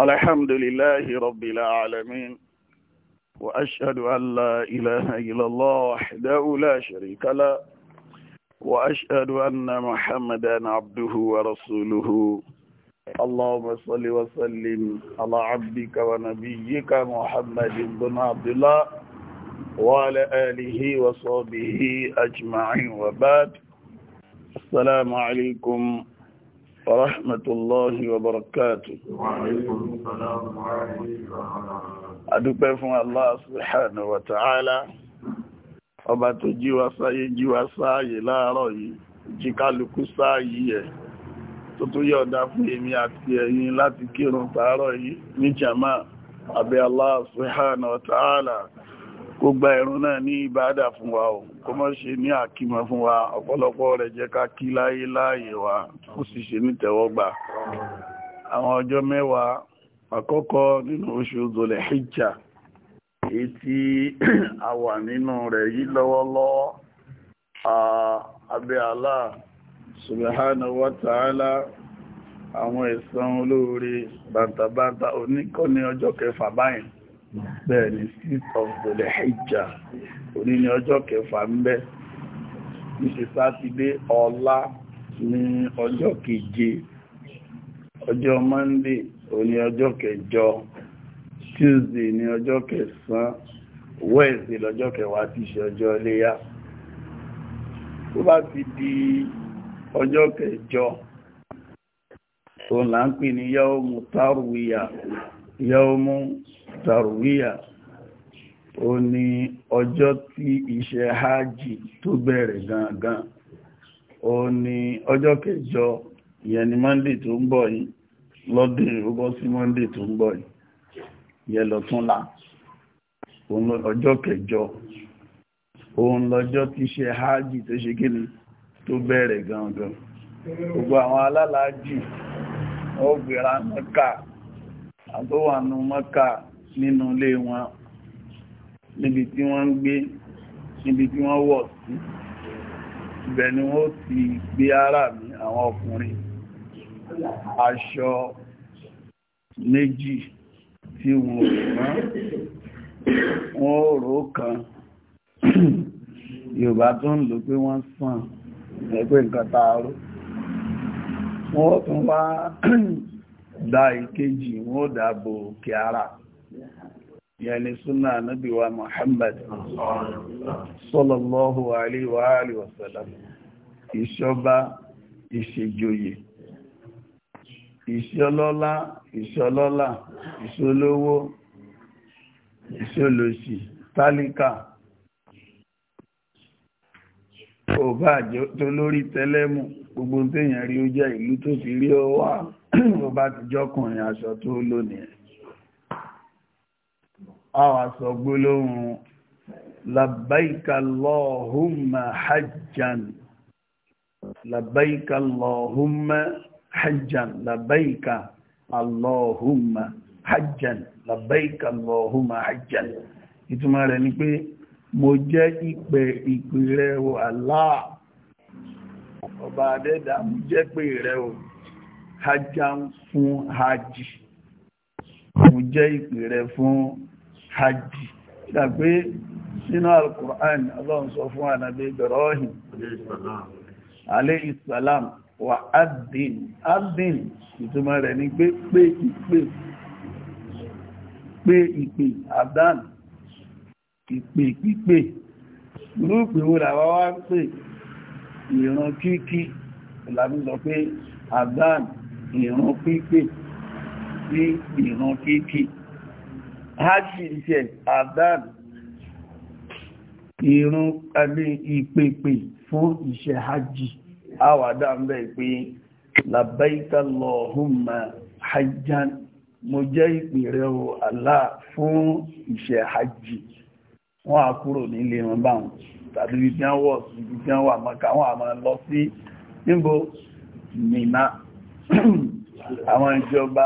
الحمد لله رب العالمين وأشهد أن لا إله إلا الله وحده لا شريك له وأشهد أن محمدا عبده ورسوله اللهم صل وسلم على عبدك ونبيك محمد بن عبد الله وعلى آله وصحبه أجمعين وبعد السلام عليكم ورحمة الله وبركاته وعليكم السلام ورحمة الله سبحانه وتعالى Allah subhanahu wa ta'ala ọba tó jí wa sáyé jí wa sáyé láàárọ̀ yìí jí kálukú sáyé ẹ̀ tó tó yọ̀ǹda fún èmi àti ẹ̀yin láti kírun tààrọ̀ yìí ní jama àbí Allah subhanahu kó gba ẹ̀rùn náà ní ìbáadà fún wa o kó mọ́ ṣe ní àkímọ̀ fún wa ọ̀pọ̀lọpọ̀ rẹ̀ jẹ́ ká kí láyé láàyè wa ó sì ṣe ní tẹ̀wọ́gbà àwọn ọjọ́ mẹ́wàá àkọ́kọ́ nínú oṣù zolẹ̀ hijja èyí tí a wà nínú rẹ̀ yìí lọ́wọ́lọ́wọ́ abẹ́ Allah subhanahu wa ta'ala àwọn ẹ̀san olóore bàtàbàtà oníkọ́ ní ọjọ́ kẹfà báyìí bẹ́ẹ̀ni sixth of the hijja òní ni ọjọ́ kẹfà ń bẹ níṣe sátidé ọlá ní ọjọ́ keje ọjọ́ monday òní ọjọ́ kẹjọ tuesday ní ọjọ́ kẹsàn wednesday lọ́jọ́ kẹwàá ti ṣe ọjọ́ iléyá tó bá ti di ọjọ́ kẹjọ tó là ń pè ní yawmu tarwiya yaumu tarwiya ó ní ọjọ́ tí iṣẹ́ hajj tó bẹ̀rẹ̀ gangan ó ní ọjọ́ kẹjọ yẹni monday tó ń bọ̀ yìí lọ́dún ìrúbọ́ sí monday tó ń bọ̀ yìí yẹ lọ ọjọ́ kẹjọ òun ṣe hajj tó ṣe kí bẹ̀rẹ̀ gangan gbogbo àwọn alálàájì àbọ́wànú mọ́kà nínú ilé wọn níbi tí wọ́n ń gbé níbi tí wọ́n wọ̀ sí ibẹ̀ ni wọ́n ti gbé ara mi àwọn ọkùnrin aṣọ méjì tí wọ́n rán wọ́n rò kan Yorùbá tó ń lò pé wọ́n sàn ẹgbẹ́ nǹkan tààrù wọ́n tún wá dá ìkejì ji ó bụ òkè ara yẹni súnà nábíwá Muhammad sallallahu alaihi wa ìṣọba ìṣèjòyè ìṣọlọ́lá ìṣọlọ́lá ìṣolówó ìṣolòṣì tálíkà ò bá jẹ́ tó lórí tẹ́lẹ́mù gbogbo rí ó ìlú tó fi rí ó bá ti jọ́kùnrin aṣọ tó lónìí àwà sọ gbólóhùn labbaika Allahumma hajjan labbaika Allahumma hajjan labbaika Allahumma hajjan labbaika Allahumma hajjan ìtumọ̀ rẹ̀ ni pé mo jẹ́ ìpè ìpè rẹ̀ o ọba adẹ́dà mo jẹ́ pè rẹ̀ o hajjá ń fún hajji mo jẹ́ ìpè rẹ̀ fún hajji dàgbé nínú al-Qur'an Allah sọ fún ànàbí Ibrahim alayhi salam wà adìn adìn ìtumọ̀ rẹ̀ ní pé pé ìpè pé ìpè adán ìpè pípè lúùpì wo làwá wá ń pè ìran kíkí ìlànà sọ pé adán ìran pípè sí ìran kéèkè hajji iṣẹ́ adán ìran àbí ìpèpè fún iṣẹ́ hajji àwàdá ń bẹ̀ pé labbaika Allahumma hajjan mo jẹ́ ìpè rẹ̀ o Allah fún iṣẹ́ hajji wọ́n a kúrò nílé wọn báwọn tàbí ibi tí wọ́n wọ̀ sí ibi tí wọ́n wà mọ́ka wọ́n á máa lọ sí níbo Mínà àwọn ìjọba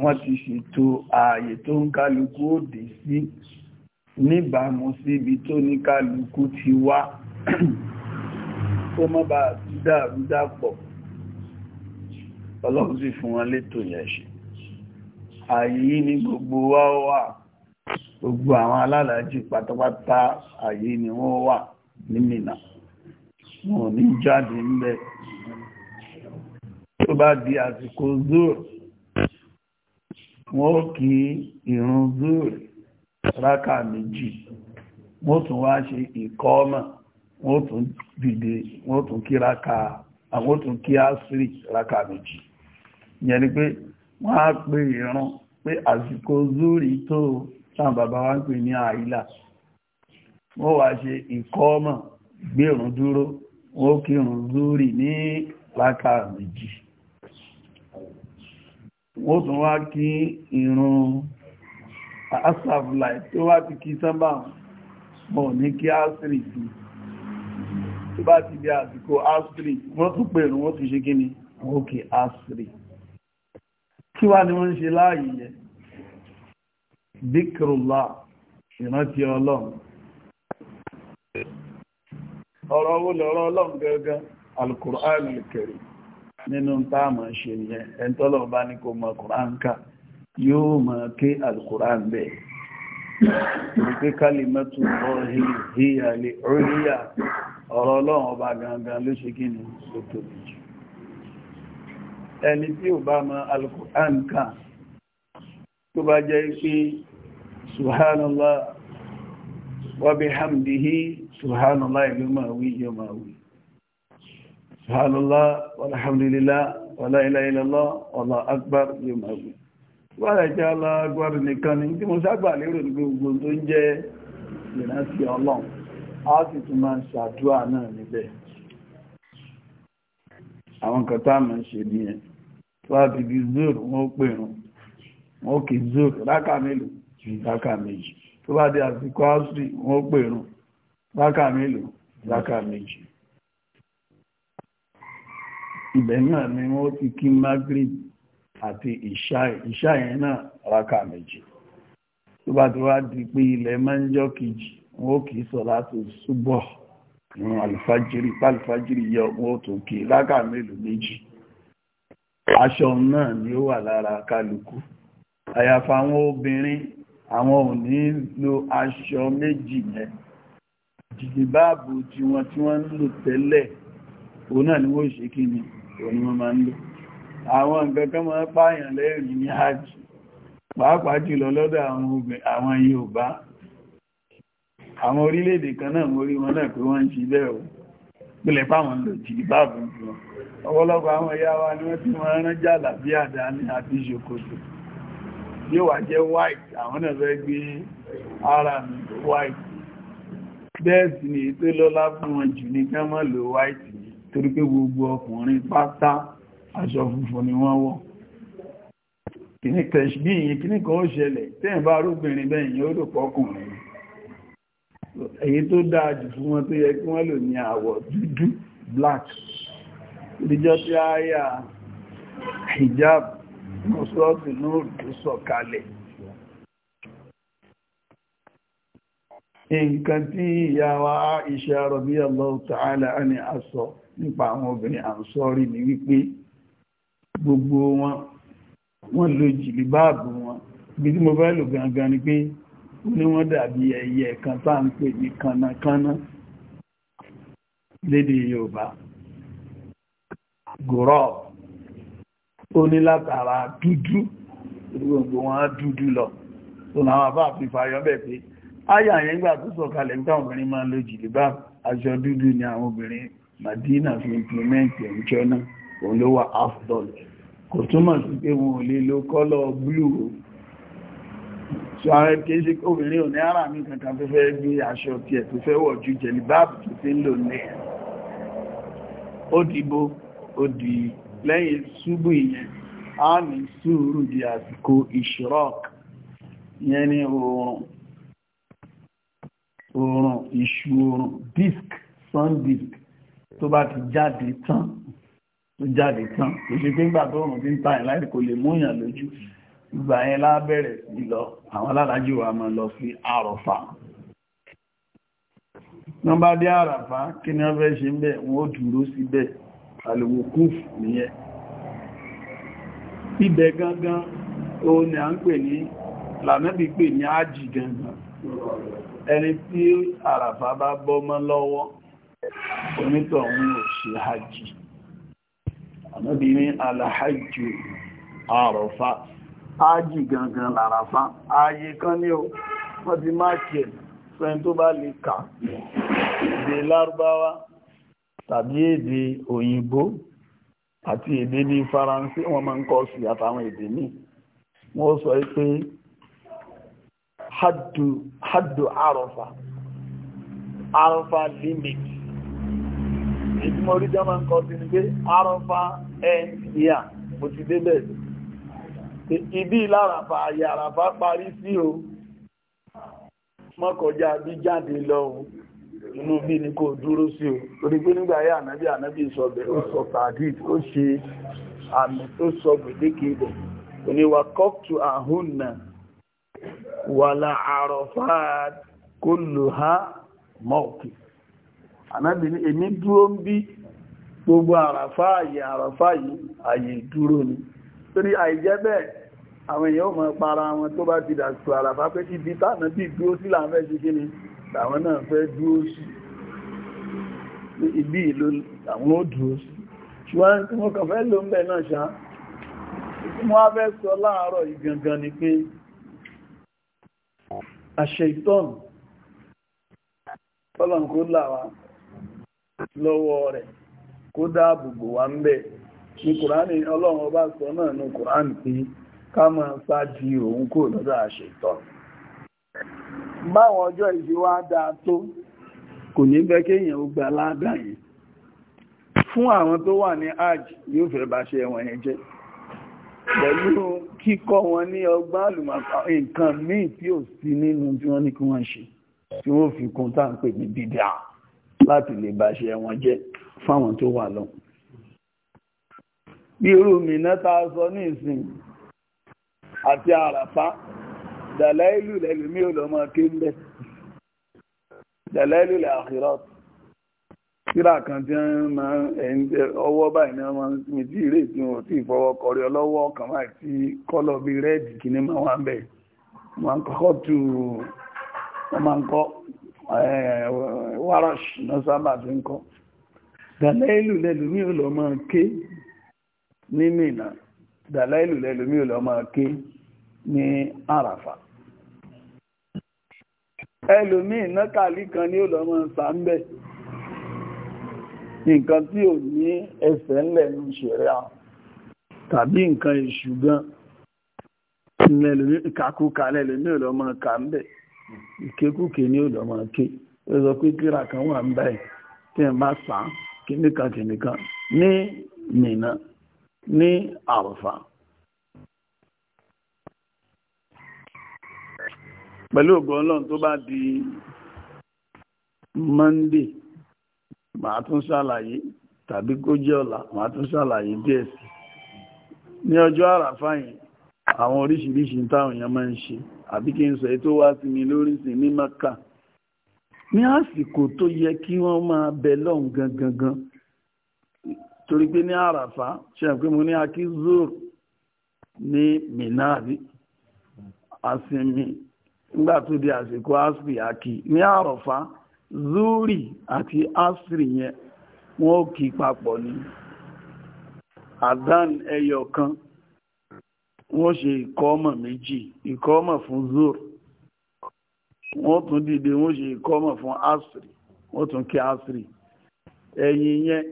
wọ́n ti ṣètò ààyè tó ń kálukú òdè sí níbàámu sí ibi tó ní kálukú ti wá kó má bàa dàrúdàpọ̀ ọlọ́run sì fún wọn létò yẹn ṣe ààyè yìí ní gbogbo wa wà gbogbo àwọn alálàájì pátápátá ààyè ni wọ́n wà ní Mínà wọn ní jáde ńbẹ̀ tó bá di àsìkò zuur wọ́n kí ìrun zuur rákà méjì wọ́n tún wá ṣe ìkọ́ọ̀mà wọ́n tún dìde wọ́n tún kí rákà àwọn tún kí àṣírí rákà méjì ìyẹn ni pé wọ́n á pè ìrun pé àsìkò tó sáà bàbá pè ní àìlà wọ́n wá ṣe gbé dúró wọ́n ní méjì wọ́n tún wá kí ìrun asàfilà tó wá ti kí sábà mọ̀ ní kí ásìrì sí tó bá ti bí àsìkò ásìrì wọ́n tún pè ìrun wọ́n tún ṣe kí ni ókè kí wá ni wọ́n ń ṣe láàyè yẹ bíkìrùlá ìrántí ọlọ́run ọ̀rọ̀ owó lọ́rọ̀ nínú táàmà ṣe yẹn ẹ̀ntọ́lọ̀ bá ní kò mọ̀ kùrán ká yóò mọ̀ kí alkùrán bẹ̀ pé kálímẹ́tù ọ̀hìyàlẹ̀ oríyà ọ̀rọ̀ ọlọ́run ọba gangan ló ṣe kí ni ló tóbi jù ẹni tí ò bá mọ̀ alkùrán ká tó bá jẹ́ pé subhanallah wa bihamdihi subhanallah ìlú màwí yóò màwí سبحان الله والحمد لله ولا إله إلا الله والله أكبر يوم أكبر wọ́n ẹ̀jẹ́ alágbàrí nìkan ni tí mo ságbà lérò ní gbogbo tó ń jẹ́ ìrántí ọlọ́run a sì tún máa ń ṣàdúrà náà níbẹ̀ àwọn di zoro wọ́n pèrún wọ́n kì í zoro ibẹ̀ náà ni wọ́n ti kí magrib àti ìṣáì ìṣáì náà rákà méjì tó bá ti wá di pé ilẹ̀ máa ń jọ́ kejì wọ́n kì í sọ láti súbọ̀ ìrun alifájírí pálífájírí yọ wọ́n tó kí rákà mélòó méjì aṣọ náà ni ó wà lára kálukú àyàfà àwọn obìnrin àwọn ò ní lo aṣọ méjì yẹn jìdìbáàbò tí tí wọ́n ń lò tẹ́lẹ̀ òun náà ni wọ́n ṣe kí ni òní wọ́n máa ń lò àwọn nǹkan kan máa pààyàn lẹ́rìn ní hajj pàápàá jùlọ lọ́dọ̀ àwọn Yorùbá àwọn orílẹ̀-èdè kan náà mórí wọn náà pé wọ́n ń ṣe bẹ́ẹ̀ o pílẹ̀ páwọn lò jì báàbù jù wọn ọ̀pọ̀lọpọ̀ àwọn ẹ̀yà wa ni wọ́n ti wọ́n rán jàlá bí àdáni àti ṣòkòtò yóò wà jẹ́ white àwọn náà fẹ́ gbé ara mi white bẹ́ẹ̀ sì ni ètò lọ́lá fún wọn jù ní kẹ́mọ́ lò white torí pé gbogbo ọkùnrin pátá aṣọ funfun ni wọ́n wọ̀ kìní tẹ̀ṣbí yìí kìní kan ó ṣẹlẹ̀ tẹ́yìn bá rúbìnrin bẹ́yìn ó rò pọ́kùnrin èyí tó dáa jù fún wọn tó yẹ kí wọ́n lò ní àwọ̀ dúdú black ìdíjọ́ tí a yà hijab mọ́sọ́ọ̀tì náà tó sọ̀kalẹ̀ nǹkan tí ìyá wa Aisha radiyallahu ta'ala ani asọ nípa àwọn obìnrin àǹsọ́rí ni wípé gbogbo wọn wọ́n lo jìlìbáàbù wọn ibi tí mo fẹ́ lò gangan ni pé ó ní wọ́n dàbí ẹyẹ kan tá ń pè ní kanakana lédè Yorùbá gòrọ́ ó ní látara dúdú gbogbo wọn dúdú lọ tó náà bá fi fàyọ bẹ̀ pé áyà yẹn gbà tó sọ̀kalẹ̀ nígbà obìnrin máa ń lo jìlìbáàbù aṣọ dúdú ni àwọn obìnrin Madina fi implement ẹ̀jọ́ náà òun ló wà afdol kò túmọ̀ sí pé wọn ò lè lo kọ́lọ̀ blue so ààrẹ kìí ṣe obìnrin ò ní ara mi kankan tó fẹ́ gbé aṣọ tí ẹ̀ tó fẹ́ wọ̀ ju jẹ̀lì báàbù tó ti ń lò ní ẹ̀ ó dìbò ó di lẹ́yìn ṣubú ìyẹn a ní sùúrù di àsìkò ìṣirọ́ọ̀kì ìyẹn ni oòrùn oòrùn ìṣù oòrùn disk sun disk tó bá ti jáde tán tó jáde tán kò ṣe pé nígbà tó rùn ti ń ta ẹ̀ láì kò lè mú èèyàn lójú ìgbà yẹn lábẹ̀rẹ̀ sí lọ àwọn alálàájì wa máa lọ sí àrọ̀fà wọ́n dé àràfà kí ni wọ́n fẹ́ ṣe ń bẹ̀ wọ́n ó dúró síbẹ̀ àlùwòkúf nìyẹn ibẹ̀ gangan o ni a ń pè ní lànàbí pè ní ájì gangan ẹni tí àràfà bá bọ́ mọ́ lọ́wọ́ onítọ̀hún ò ṣe hajj ànábì ní alhajju àrọ̀fà hajj gangan làràfà ààyè kan ní o wọ́n ti máa kẹ̀ fẹ́ tó bá lè kà èdè lárúbáwá tàbí èdè òyìnbó àti èdè ní faransé wọ́n máa ń kọ́ sí àtàwọn èdè ní wọ́n sọ pé haddu àrọ̀fà àrọ̀fà limit èyí mo rí jọmọ ń kọ sí ni pé e arọ́fà ẹ̀yà mo ti ibi láràfà àyè àràfà parí sí o bí jáde lọ o inú bí ni kò dúró sí o torí pé nígbà ayé ànábì ànábì ìsọbẹ̀rẹ̀ ó sọ tàdít ó ṣe àmì tó sọ gbèdéke ibẹ̀ kọ́kù ha mọ́ọ̀kì ànábì ní èmi dúró ń bí gbogbo àràfá àyè àràfá yìí àyè dúró ni torí àìjẹ́ bẹ́ẹ̀ àwọn èèyàn ò mọ̀ para wọn tó bá ti dàsù àràfá pé ibi táwọn bí dúró sí làwọn fẹ́ ṣe kí ni làwọn náà fẹ́ dúró sí ibi ìlú àwọn ó dúró sí ṣùgbọ́n tí wọ́n kàn fẹ́ ló ń bẹ̀ náà ṣá mo wá fẹ́ sọ láàárọ̀ ìgangan ni pé àṣẹ ìtọ́nù tọ́lọ̀nkó làwà lọ́wọ́ rẹ̀ kó dáàbò bò wá ń bẹ̀ ní kùránì ọlọ́run ọba sọ náà ní kùránì pé ká máa sáájú òun kò lọ́dọ̀ àṣetọ́ báwọn ọjọ́ ìṣíwá dáa tó kò ní bẹ́ kéèyàn ó gba ládàá yìí fún àwọn tó wà ní aj yóò fẹ́ bá ṣe ẹ̀wọ̀n yẹn jẹ́ pẹ̀lú kíkọ́ wọn ní ọgbà àlùmọ̀pá nǹkan míì tí ò sí nínú tí wọ́n ní kí wọ́n ṣe tí wọ́n fi kún tá à ń pè ní bídíà láti lè bàṣẹ wọn jẹ́ fáwọn tó wà lọ bí irú mi náta sọ ní ìsìn àti àràfá dàláìlù lẹ́lùmí olọ́mọ ké ń bẹ́ dàláìlù lẹ́ àkírọ́t síra kan tí wọ́n máa ń ọwọ́ báyìí náà máa ń mi tí ìrè tí wọ́n ti fọwọ́ kọrí ọlọ́wọ́ kan máa ti kọ́lọ̀ bíi rẹ́ẹ̀dì kìíní máa wà ń bẹ̀ wọ́n máa ń kọ́ Eh, warash náà sábà fi ń kọ́ dàlẹ́ìlù lẹ́lùmí ò lọ máa ké ní Mínà dàlẹ́ìlù lẹ́lùmí ò lọ máa ké ní àràfà ẹlòmí ìnákàlí kan ní ò lọ máa sàmbẹ̀ nǹkan tí ò ní ẹsẹ̀ ńlẹ̀ ní ṣẹ̀rẹ́ àwọn tàbí nǹkan ìṣùgbọ́n ìkàkùkà lẹ́lùmí ò lọ máa kà ń bẹ̀ ìkékùké ní òdò máa ké ó sọ pé kíra kan wà ń báyìí tí n bá sà á kìnìkan kìnìkan ní nìna ní àrùfà. pẹ̀lú ògo ọlọ́run tó bá di monday màá tún ṣàlàyé tàbí kó jẹ́ ọ̀la màá tún ṣàlàyé díẹ̀ sí ní ọjọ́ àràfà àwọn oríṣiríṣi táwọn èèyàn máa ń ṣe àbí kí n sọ ètò wá sí mi lórí sí ní maka ní àsìkò tó yẹ kí wọ́n máa bẹ lọ́hùn gangan torí pé ní àràfá ṣe àpé mo ní akizor ní minari àsinmi nígbà tó di àsìkò asri àkì ní àràfá zuri àti asri yẹn wọ́n kì papọ̀ ní adan ẹyọ kan wọ́n ṣe ìkọ́mọ̀ méjì ìkọ́mọ̀ fún Zoro. wọ́n tún dìde wọ́n ṣe ìkọ́mọ̀ fún asiri wọ́n tún kí asiri ẹ̀yìn yẹn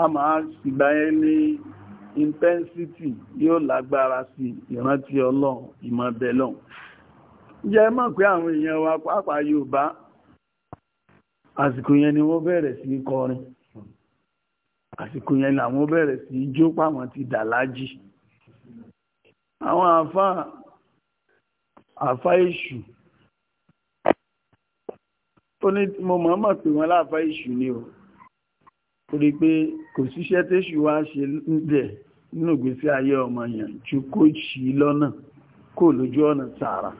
a máa ìgbà yẹn ní intensity yóò lágbára sí ìrántí ọlọ́run ìmọ̀bẹ̀lọ́n jẹ́ mọ̀ pé àwọn èèyàn wa pàápàá Yorùbá àsìkò yẹn ni wọ́n bẹ̀rẹ̀ sí kọrin àsìkò yẹn àwọn bẹ̀rẹ̀ sí jó pàwọn ti dà lájì àwọn àfá àfá èṣù ó ní mo mọ̀ọ́mọ̀ pé wọ́n láàfá èṣù ni o ó rí pé kò síṣẹ́ téṣù wá ṣe ń dẹ̀ nínú ìgbésí ayé ọmọ yẹn ju kó ṣì lọ́nà kó lójú ọ̀nà tààrà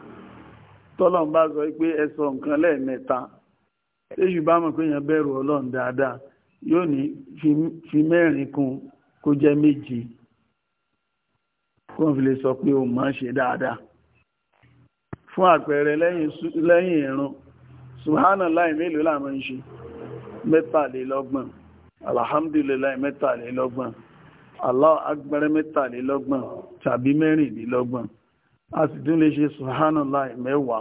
tọ́lọ́n bá sọ pé ẹ nǹkan lẹ́ẹ̀mẹ́ta téṣù bá mọ̀ pé yẹn bẹ̀rù ọlọ́run dáadáa yóò ní fi mẹ́rin kún kó jẹ́ méje kó fi lè sọ pé o máa ń ṣe dáadáa fún àpẹẹrẹ lẹ́yìn ìrun subhana láì mélòó la máa ń ṣe mẹ́tàlélọ́gbọ̀n alhamdulilayi mẹ́tàlélọ́gbọ̀n allah mẹ́tàlélọ́gbọ̀n tàbí mẹ́rìnlélọ́gbọ̀n a sì tún lè ṣe subhana láì mẹ́wàá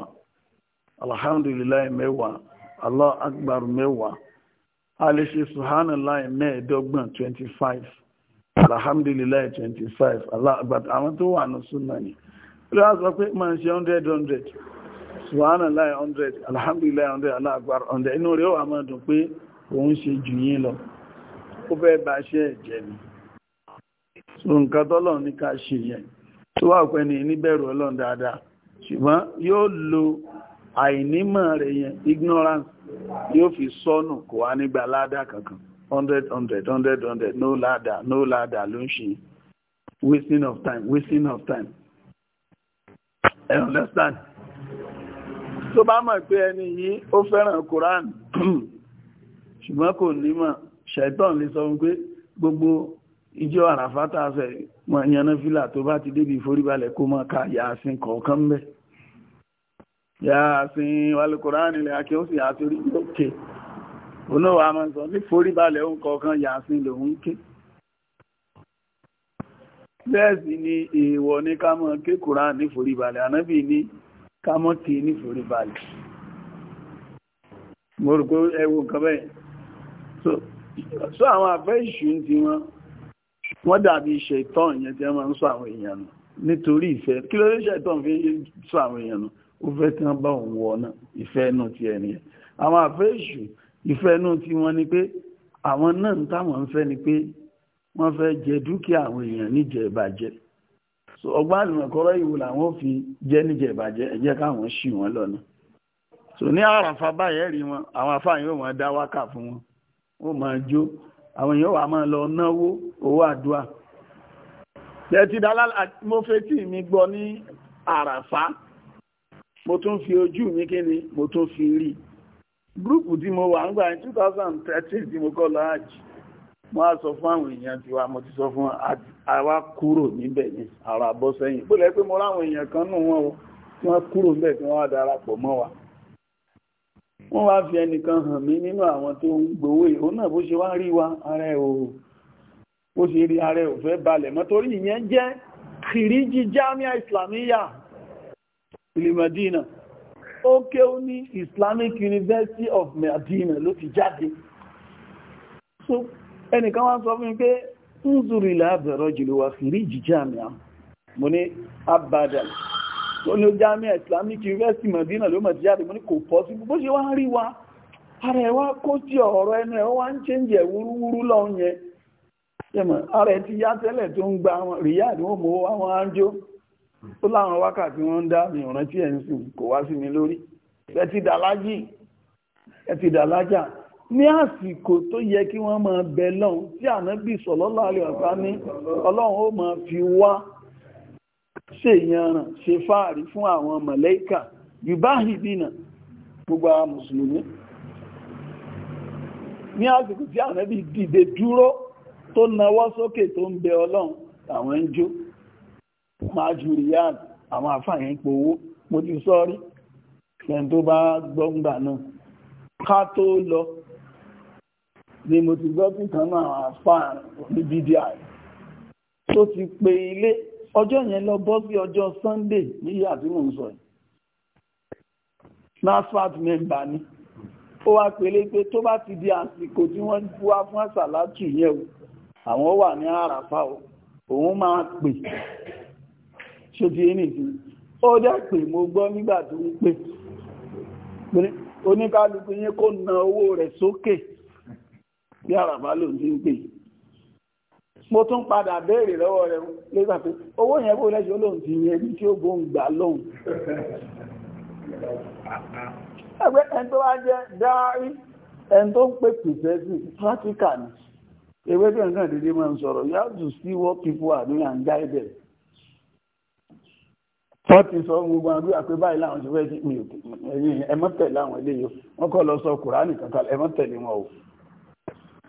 alhamdulilayi mẹ́wàá allah akbar mẹ́wàá a lè ṣe subhana láì mẹ́ẹ̀ẹ́dọ́gbọ̀n twenty five alhamdulillah twenty five aláàgbàtà àwọn tó wà ní súnà ni ó lè sọ pé máa ṣe hundred hundred subhanallah hundred alhamdulillah hundred aláàgbà hundred inú rẹ̀ wà máa dùn pé òun ṣe jù yín lọ ó fẹ́ bá ṣe ẹ̀jẹ̀ ni so nǹkan tọ́lọ̀ ní ká ṣe yẹn tó wà pẹ́ ni níbẹ̀rù ọlọ́run dáadáa ṣùgbọ́n yóò lo àìnímọ̀ rẹ̀ yẹn ignorance yóò fi sọnù kò wá nígbà ládàá kankan hundred hundred hundred hundred no ladder no ladder ló wasting of time wasting of time I understand tó bá mọ̀ pé ẹni yìí ó fẹ́ràn Quran ṣùgbọ́n kò ní mọ̀ ṣẹ̀tàn lè sọ wípé gbogbo ìjọ àràfátà fẹ́ mọ̀ yaná fílà tó bá ti débi ìforíbalẹ̀ kó mọ̀ ká yàásín kọ̀ọ̀kan bẹ̀ yàásín wàlùkùránì lè akẹ́ ó sì àtorí òkè oníwà máa ń sọ ní foríbalẹ̀ òun kọ̀ọ̀kan yàásín lòun ké bẹ́ẹ̀ sì ni èèwọ̀ ní ká mọ́ ké Kùránì ní foríbalẹ̀ ànábì ní ká mọ́ ké ní foríbalẹ̀ mo rò pé ẹwọ nǹkan bẹ́ẹ̀ so àwọn àfẹ́ ìṣù ti wọn wọ́n dàbí ṣẹ̀tán ìyẹn tí wọ́n máa ń sọ àwọn èèyàn nù nítorí ìfẹ́ kí ló dé ṣẹ̀tán fi sọ àwọn èèyàn nù ó fẹ́ tí wọ́n bá òun wọ̀ náà ìfẹ́ nù ti ẹ̀ nìyẹn àwọn àfẹ́ ìṣù ìfẹ́ inú tí wọ́n ni pé àwọn náà táwọn ń fẹ́ ni pé wọ́n fẹ́ jẹ dúkìá àwọn èèyàn níjẹ ìbàjẹ́ so ọgbọ́n àlùmọ̀kọ́rọ́ ìwò làwọn fi jẹ́ níjẹ ìbàjẹ́ ẹ jẹ́ káwọn ṣì wọ́n lọ́nà so ní àràfà báyẹ̀ rí wọn àwọn afáàyàn yóò máa dá wákà fún wọn ó máa jó àwọn èèyàn wà máa lọ náwó owó àdúrà tẹ́tí dálá mo fetí mi gbọ́ ní àràfà mo tún fi ojú mi kí ni mo tún fi rí i gúrùpù tí mo wà ń gbà ní 2013 tí mo kọ́ lọ àjì mo á sọ fún àwọn èèyàn tí wa mo ti sọ fún àwa kúrò níbẹ̀ ní ara bọ́ sẹ́yìn bó lẹ́ pé mo ráwọn èèyàn kan nù wọn tí wọ́n kúrò níbẹ̀ tí wọ́n wá darapọ̀ mọ́ wa wọ́n wá fi ẹnìkan hàn mí nínú àwọn tó ń gbowó ìhó náà bó ṣe wá rí wa ara ẹ̀ o bó ṣe rí ara ẹ̀ ò fẹ́ balẹ̀ mọ́ torí ìyẹn jẹ́ kìríjì jámíà ìsìlámíyà ìlú ó kéwú ní Islamic University of Medina ló ti jáde so ẹnìkan wá sọ fún pé ń zùrù ilẹ̀ àbẹ̀rọ̀ jùlọ wà fìrí ìjìjá àmì à mo ní abadan tó ní ó jámẹ́ Islamic University Medina ló mọ̀ ti jáde mo ní kò pọ̀ sí gbogbo ṣe wá rí wa ara ẹ̀ wá kó sí ọ̀rọ̀ ó láwọn wákàtí wọ́n ń dá mi tí ẹ̀ ń kò wá sí mi lórí ẹ ti dàlájì ẹ ní àsìkò tó yẹ kí wọ́n máa bẹ lọ́hùn tí ànábì sallallahu alaihi ní ọlọ́run ó máa fi wá ṣèyànràn ṣe fáàrí fún àwọn mọ̀lẹ́kà yubáhìdínà gbogbo ara mùsùlùmí ní àsìkò tí ànábì dìde dúró tó nawọ́ sókè tó ń bẹ ọlọ́run àwọn ń jó máa ju riyad àwọn àfààní ń powó mo ti sọ́rí ẹni tó bá gbọ́ngbà náà ká tó lọ ni mo ti gbọ́ pé kan náà àfàà níbi di àyè tó ti pe ilé ọjọ́ yẹn lọ bọ́ sí ọjọ́ Sunday níyà tí mò ń sọ NASFAT member ni ó wá pèlé pé tó bá ti di àsìkò tí wọ́n wá fún àsàlátù yẹn o àwọn wà ní àràfà o òun máa pè ṣe ti ẹni ìsìn ó dẹ́ pé mo gbọ́ nígbà tó ń pè oníkálukú yẹn kó na owó rẹ̀ sókè bí àràbá ló ń ti ń pè mo tún padà béèrè lọ́wọ́ rẹ̀ lẹ́gbà pé owó yẹn bó lẹ́ṣọ́ lóhun ti yẹn bí tí ó bó ń gbà lóhun ẹgbẹ́ ẹni tó wá jẹ́ dáárí ẹni tó ń pè pèsè sí practical ni ewé bí ẹ̀kan dédé máa ń sọ̀rọ̀ you have to see what people are doing and guide them wọ́n ti sọ gbogbo àdúrà pé báyìí láwọn ṣe fẹ́ sí mi ò ẹ̀yìn ẹ̀mọ́tẹ̀ láwọn eléyìí wọ́n kọ́ lọ sọ kùránì kankan ẹ̀mọ́tẹ̀ ni wọn o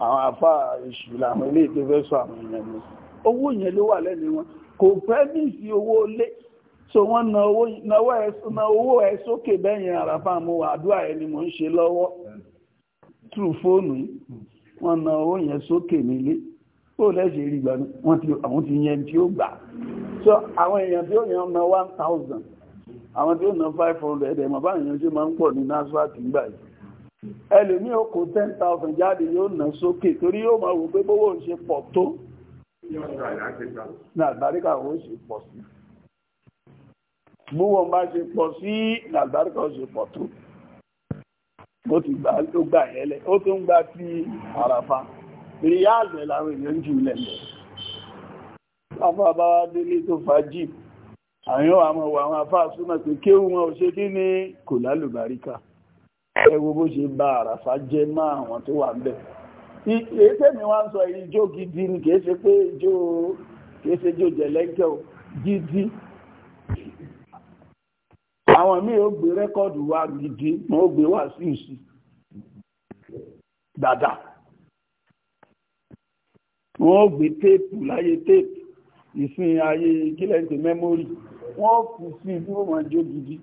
àwọn afá ìṣù làwọn eléyìí tó fẹ́ sọ àwọn èèyàn mi owó yẹn ló wà lẹ́nu wọn kò fẹ́ bí sí owó lé so wọ́n na owó ẹ sókè bẹ́yìn àràfà mo wà àdúrà ẹ ni mò ń ṣe lọ́wọ́ tru fóònù wọ́n na owó yẹn sókè nílé ó lẹ́sẹ̀ rí gbà wọ́n ti yẹn tí ó gbà so àwọn èèyàn tí ó yàn ọmọ 1000 àwọn tí ó ná 500 ẹ̀dẹ̀ mọ̀ báyìí yàn ṣe máa ń pọ̀ ní nasfat nígbà yìí ẹlòmí ó kó 10,000 jáde yóò ná sókè torí yóò máa wò pé bówó ń ṣe pọ̀ tó nàgbàríkà ó ṣe pọ̀ sí bówó ń bá ṣe pọ̀ sí nàgbàríkà ó ṣe pọ̀ tó ó ti gbà ó gbà yẹlẹ ó tún gbà sí àràfà ìrìyà àgbẹ̀ làwọn èèyàn jù lẹ́lẹ̀ afá bá wá délé tó fàájì àyàn àmọ́ wà àwọn afá súnmọ̀ pé kéwù wọn ò ṣe kí ni kò lálùbáríkà ẹ wo bó ṣe bá àràfá jẹ mọ́ àwọn tó wà ńbẹ̀ èyí tẹ́mi wá ń sọ ijó gidi ni kìí ṣe pé ijó kìí ṣe ijó o gidi àwọn míì ó gbé rẹ́kọ́ọ̀dù wa gidi wọn ó gbé wá sí ìsì dáadáa wọn ó gbé téèpù láyé téèpù ìsìn ayé kílẹ̀ ń pè mẹ́mórì wọ́n kù sí tí wọ́n máa jó gidi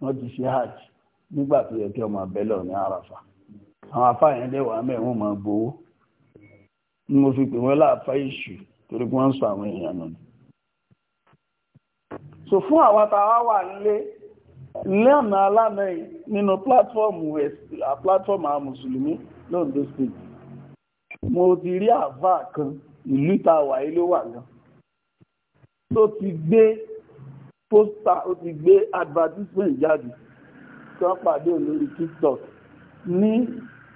wọ́n ti ṣe hajj nígbà tó yẹ kí ọmọ abẹ́lẹ̀ ní àràfà àwọn afáyẹn dẹ́wà mẹ́rin máa gbowó ni mo fi pè wọ́n láàfá ìṣù torí wọ́n ń sọ àwọn èèyàn nù so fún àwọn tàwa wà nílé lẹ́nà alámẹ́yìn nínú pílátífọ́ọ̀mù pílátífọ́ọ̀mù lóòdó state mo ti rí àáfàá kan ìlú tá a wà yìí ló wà gan tó ti gbé pósítà ó ti gbé advertisement jáde tí wọ́n pàdé lórí tiktok ní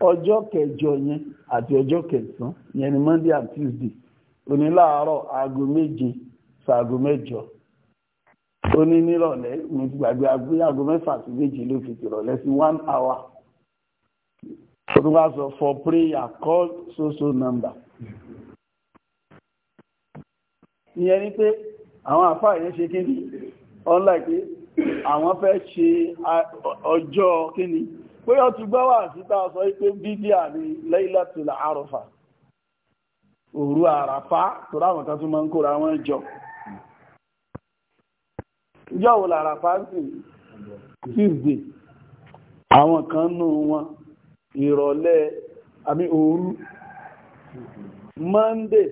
ọjọ́ kẹjọ yẹn àti ọjọ́ kẹsàn-án yẹn ni monday and tuesday oníláàárọ̀ aago méje ṣaago mẹ́jọ ó ní nírọ̀lẹ́ mo ti gbàgbé aago mẹ́fà sí méje ló fi tìrọ̀lẹ́ sí one hour ó tún wá sọ for prayer call so so number ìyẹn ni pé àwọn àfáà yẹn ṣe kíni unlike pé àwọn fẹ́ ṣe ọjọ́ kíni pé ó ti gbọ́ wà síta sọ pé bídíà ni Laylatul Arafa òru àràfá tó ráwọn kan tún máa ń kóra wọn jọ ìjọ́ wo làràfá sì tuesday àwọn kan nù wọn ìrọ̀lẹ́ àmì òru monday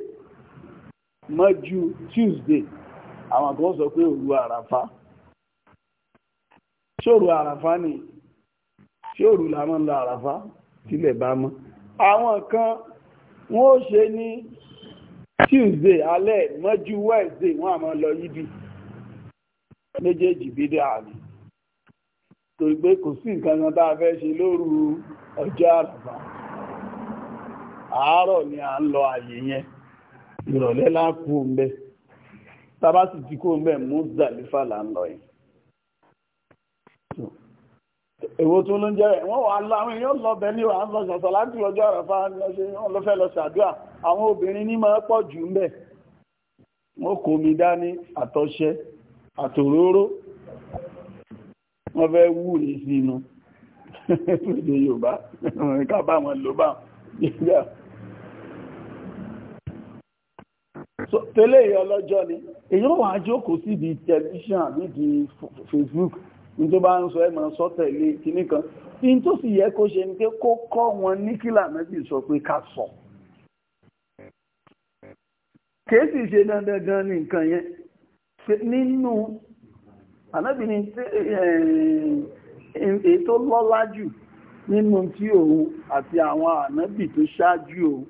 mọ́jú Tuesday àwọn kan sọ pé òru àràfá ṣòro àràfá ni ṣòro làwọn ń lọ àràfá tilẹ̀ bá mọ́ àwọn kan wọ́n ó ṣe ní Tuesday alẹ́ mọ́jú Wednesday wọ́n àmọ́ lọ yíbi méjèèjì bídẹ́ àmì torí pé kò sí nǹkan kan tá a fẹ́ ṣe lóru ọjọ́ àràfá àárọ̀ ni à ń lọ àyè yẹn ìrọ̀lẹ́ láàkú ọmọ tàbá sì ti kó ọmọ Muzdalifa là ń lọ yìí èwo tó ló ń jẹ́ rẹ̀ wọ́n wà láwọn èèyàn lọ bẹ ní wàá sọ̀sọ̀ sọ láti ọjọ́ àràfà wọ́n lọ fẹ́ lọ ṣàdúrà àwọn obìnrin ní máa pọ̀ jù ń bẹ̀ wọ́n kò mi dání àtọṣẹ àtòróró wọ́n fẹ́ wúre sínú èdè Yorùbá ká bá wọn lò bá tẹ́lẹ̀ èyàn lọ́jọ́ ni èyàn wà jókòó sí ibi tẹlifíṣàn nídi Facebook ní tó bá ń sọ ẹmọ sọ tẹ̀lé kìíní kan tí tó sì yẹ kó ṣe ní pé kó kọ́ wọn ní kílà méjì sọ pé ká sọ kìí sì ṣe dandan gan ní nǹkan yẹn nínú ànábìnrin eh, eh, ètò lọ́lá jù nínú tí òun àti àwọn ànábì tó ṣáájú òun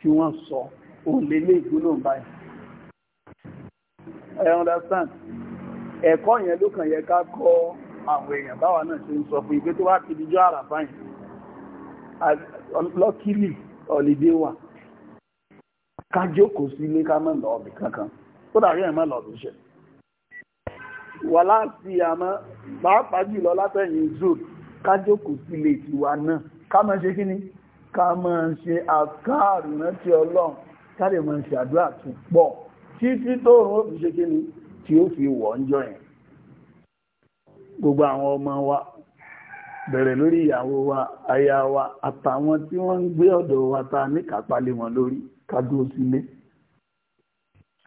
tí wọ́n sọ òun lè lé báyìí I understand ẹ̀kọ́ yẹn ló kàn yẹ ká kọ́ àwọn èèyàn báwa náà ṣe ń sọ fún ìgbé tó wá ti dijọ́ àràfá yìí lọ́kìlì ọ̀lìdé wà ká jókòó sí ilé ká mọ̀ lọ́ọ̀bì kankan tó dàrí ẹ̀ mọ̀ lọ́ọ̀bì ṣe wà láti àmọ́ pàápàá jùlọ látẹ̀yìn zoon ká jókòó sí ilé tiwa náà ká máa ṣe kíni ká máa ṣe àkáàrùn rántí ọlọ́run sáré mọ́ ṣe àdúrà tó pọ̀ títí tó rún ó fi ṣe kí tí ó fi wọ̀ ń gbogbo àwọn ọmọ wa bẹ̀rẹ̀ lórí ìyàwó wa aya wa àtàwọn tí wọ́n ń gbé ọ̀dọ̀ wa ta ní kápálẹ̀ wọn lórí kádúró sílé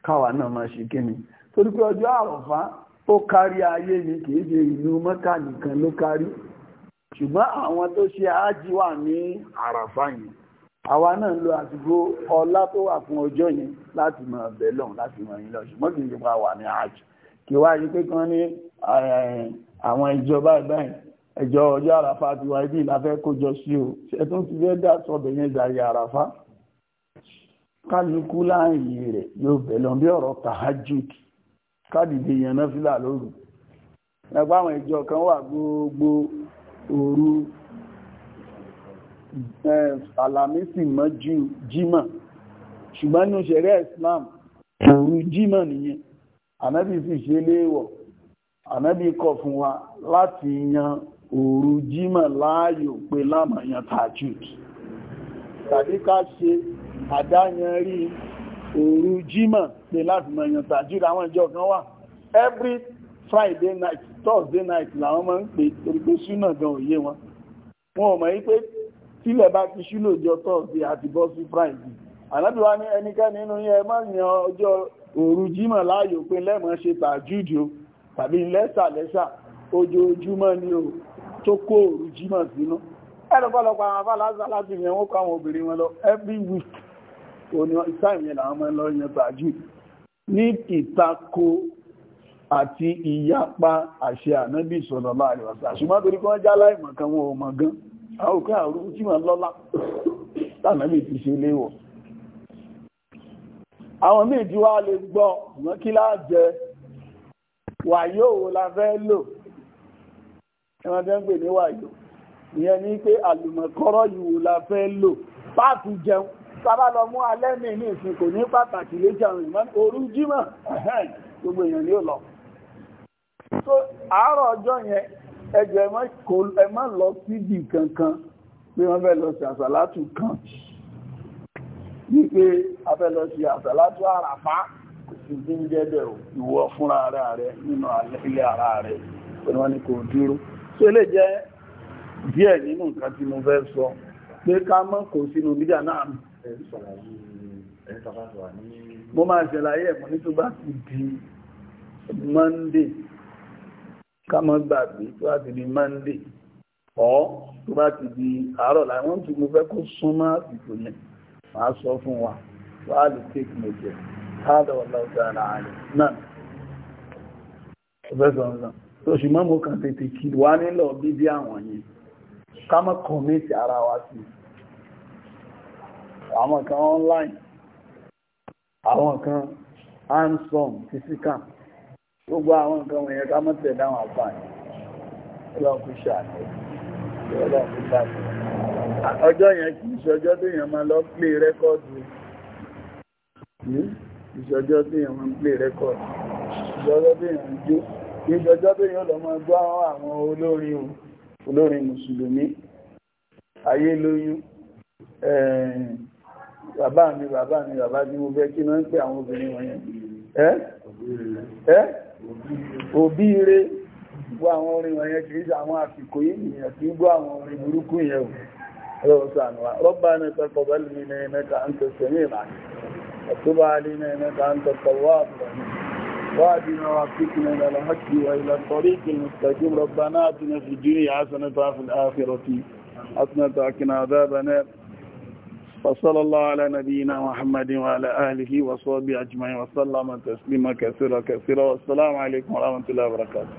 káwa náà máa ṣe kí ni torí pé ọjọ́ àrọ̀fá ó kárí ayé ni kì í ṣe ìlú mọ́kà nìkan ló àwa náà lo àsìkò ọlá tó wà fún ọjọ́ yẹn láti máa bẹ̀ lọ́hùn láti máa yín lọ ṣùgbọ́n kì í ṣe pa wà ní àjò kì wá yí pé kán ní eh, àwọn ìjọba ìbáyìí ẹjọ ọjọ́ àràfà ti wá ibi ìlàfẹ kójọ sí o ṣẹtún ti fẹ́ dá sọbẹ yẹn jàre àràfà kálukú láàyè rẹ̀ yóò bẹ̀ lọ bí ọ̀rọ̀ tahajud kádìdì yẹn náà fìlà lóru ẹgbẹ́ àwọn ìjọ kan wà gbogbo òru àlàmísì mọ́ jímọ̀ ṣùgbọ́n ní ṣẹ̀rẹ́ Islam òru jímọ̀ nìyẹn ànábì sì ṣe léèwọ̀ ànábì kọ̀ fún wa láti yan òru jímọ̀ láàyò pé lámàyàn tajud tàbí ká ṣe àdáyanrí òru jímọ̀ pé láti mọ̀yàn tajud àwọn ìjọ kan wà every Friday night Thursday night làwọn máa ń pè torí pé súnà gan òye wọn wọn ò mọ̀ yí pé tílẹ̀ bá ti ṣú lòjọ́ tọ́ọ̀sì àti bọ́ sí friday ànábì wa ní ẹnikẹ́ni nínú yẹn má yan ọjọ́ òru jímọ̀ láàyò pé lẹ́mọ̀ ṣe tàjúdì o tàbí lẹ́sà lẹ́sà ojoojúmọ́ ni o tó kó òru jímọ̀ sínú ẹ̀rọ every week òní ìsáìmì làwọn ọmọ ẹlọ yan tàjúdì ní ìtako àti ìyapa àṣẹ ànábì sallallahu alaihi wasallam ṣùgbọ́n torí kí wọ́n já láìmọ̀ kan wọn ò mọ̀ gan-an àwòká àrú tí ma lọ́lá tànàbí ti ṣe léwọ̀ àwọn méjì wá lè gbọ́ ṣùgbọ́n kí láàjẹ wàyó wo la fẹ́ lò ẹwọ́n tẹ́ ń pè ní wàyó ìyẹn ní pé àlùmọ̀kọ́rọ̀ yìí wo la fẹ́ lò páàtì jẹun sábà lọ mú alẹ́ mi ní ìsìn kò ní pàtàkì lé so àárọ̀ ọjọ́ yẹn ẹjọ́ ẹ má lọ síbi kankan pé wọ́n fẹ́ lọ sí àsàlátù kan wípé afẹ́ lọ sí àsàlátù àràfá sí tí ń jẹ́bẹ̀ ìwọ fúnra ara rẹ nínú ilé ara rẹ pẹ̀lú wọn ni kò dúró tó lè jẹ́ díẹ̀ nínú nǹkan tí mo fẹ́ sọ pé ká mọ́ kò sínú mídíà náà mo máa ṣẹlàyé ẹ̀mọ́ ní tó bá ti di Monday ká má gbàgbé tó bá ti di monday ọ̀ tó bá ti di àárọ̀ làwọn tí mo fẹ́ kó súnmọ́ àsìkò yẹn màá sọ fún wa wà á lè take note ẹ̀ hádà wà láwùjọ ara rẹ̀ náà ọ̀fẹ́ sọ̀rọ̀ sọ̀rọ̀ tó ṣùgbọ́n mo kàn tètè kí wá nílò bíbí àwọn yẹn ká má commit ara wa sí àwọn kan online àwọn kan handsome physical gbogbo àwọn nǹkan wọ̀nyẹn ká mọ́tẹ̀ dáhùn àfààní ọlọ́kùnṣà ọlọ́kùnṣà ọjọ́ yẹn kì í ṣọjọ́ tó yẹn máa lọ plé rẹ́kọ́ọ̀dù ìṣọjọ́ tó yẹn máa ń plé rẹ́kọ́ọ̀dù ìṣọjọ́ tó yẹn ń jó ìṣọjọ́ tó yẹn lọ máa gbọ́ àwọn olórin olórin mùsùlùmí ayé lóyún bàbá mi bàbá mi bàbá tí mo fẹ́ kí náà ń pè àwọn obìnrin wọ̀nyẹn ẹ́ ẹ́ obi re wụri nwere eka eji awụ akụkọ iya ka igwe wụri bụrụ uyeọee aị ee a wadịa aadi ụ n ae وصلى الله على نبينا محمد وعلى آله وصحبه أجمعين وسلم تسليما كثيرا كثيرا والسلام عليكم ورحمة الله وبركاته